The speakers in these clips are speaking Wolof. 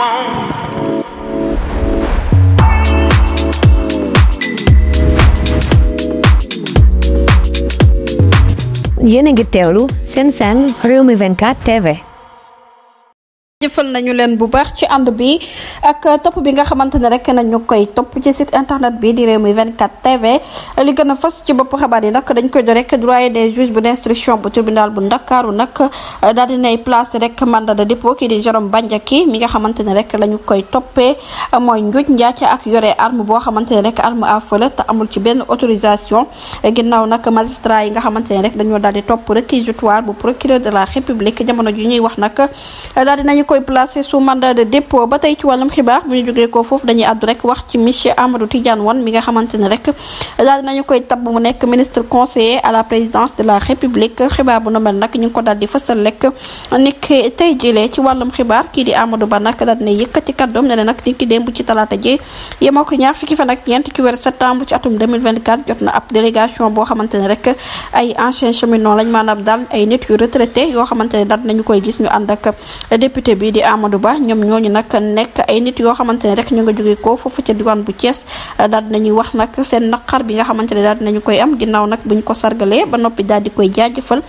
want. Yene Sen Sen, Rumi Venkat TV. jëfal nañu leen bu baax ci ànd bi ak topp bi nga xamante ne rek nañu koy topp ci site internet bi di Rewmi 24 TV li gën a fas ci bopp xabaar yi nag dañ koy do rek doyen des juges bu d'instruction bu tribunal bu Ndakaaru nag daal dinay place rek mandat de dépôt kii di Jérôme Bandiaky mi nga xamante ne rek la ñu koy toppee mooy njuuj njaaca ak yore arme boo xamante ne rek arme à feu la te amul ci benn autorisation ginnaaw nag magistrat yi nga xamante ne rek dañoo daal di topp réquisitoire bu procureur de la République jamono ju ñuy wax nag daal dinañu koy placé sous mandat de dépôt ba tey ci wàllum xibaar bu ñu ko foofu dañuy àddu rek wax ci monsieur Amadou Tidiane Wane mi nga xamante rek daal dinañu koy tabb ministre conseiller à la présidence de la république xibaar bu nu mel nag ko daal di fësal rek nekk tey jëlee ci wàllum xibaar kii di Amadou Ba nag daal dina yëkkati kàddoom ne ne nag ni ki démb ci talaata ji yemoo ko ñaar fukki fan ak ñeent ci weeru septembre ci atum 2024 jot na ab délégation boo xamante ne rek ay anciens cheminots lañ maanaam daal ay nit yu yoo xamante ne daal dinañu koy gis ñu ànd bii di Amadou baax ñoom ñooñu nag nekk ay nit yoo xamante ne rek ñu nga jóge ko foofu ca diwaan bu Thiès daal nañu wax nag seen naqar bi nga xamante ne daal dinañu koy am ginnaaw nag buñ ko sargalee ba noppi daal di koy jaajëfal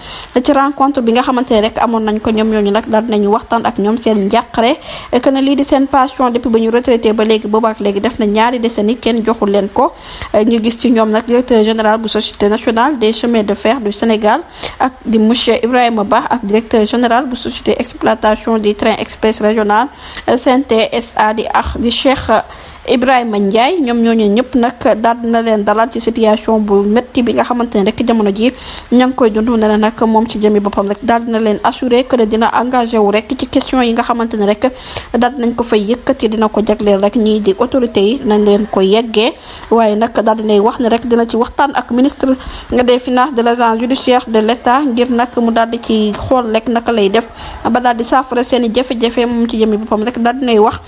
ci rencontre bi nga xamante ne rek amoon nañ ko ñoom ñooñu nag daad nañu waxtaan ak ñoom seen njàqare que ne lii di seen passion depuis ba ñu retraité ba léegi boobaak léegi def na ñaari décennie kenn joxul leen ko ñu gis ci ñoom nag directeur général bu société nationale des chemins de fer du Sénégal ak di monsieur Ibrahima baax ak directeur général bu société exploitation des trains Express Regional, SNT, SA, die, ach, die Tsjechen Ibrahima Ndiaye ñoom ñooñu ñëpp nag daal dina leen dalal ci situation bu métti bi nga xamante ne rek jamono ji ña ngi koy dund ne na nag moom ci jëmi boppam rek daal dina leen assuré dina engagé wu rek ci question yi nga xamante ne rek daal dinañ ko fay yëkkati dina ko jagleel rek ñii di autorité yi dinañ leen koy yeggee waaye nag daal dinay wax ne rek dina ci waxtaan ak ministre des finances de l'agence judiciaire de l'état ngir nag mu daal di ci xool rek naka lay def ba daal di saafara seen i jafe moom ci jëmi boppam rek daal dinay wax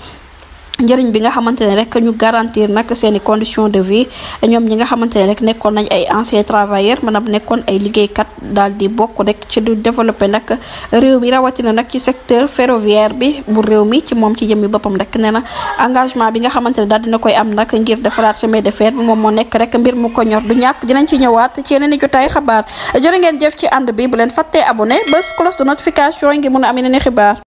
njëriñ bi nga xamante ne rek ñu garantir nag seeni condition de vie ñoom ñi nga xamante ne rek nekkoon nañ ay anciens travailleurs maanaam nekkoon ay liggéeykat daal di bokk rek ci du développé nag réew mi rawatina nag ci secteur ferroviaire bi bu réew mi ci moom ci jëmmi boppam rek nee na engagement bi nga xamante ne daal dina koy am nag ngir defaraat chemin de fer moom moo nekk rek mbir mu ko ñor du ñàkk dinañ ci ñëwaat ci yeneen i jotaay xabaar jërë ngeen jëf ci ànd bi bu leen fàttee abonné bés cloche de notification ngir mun a am yeneen xibaar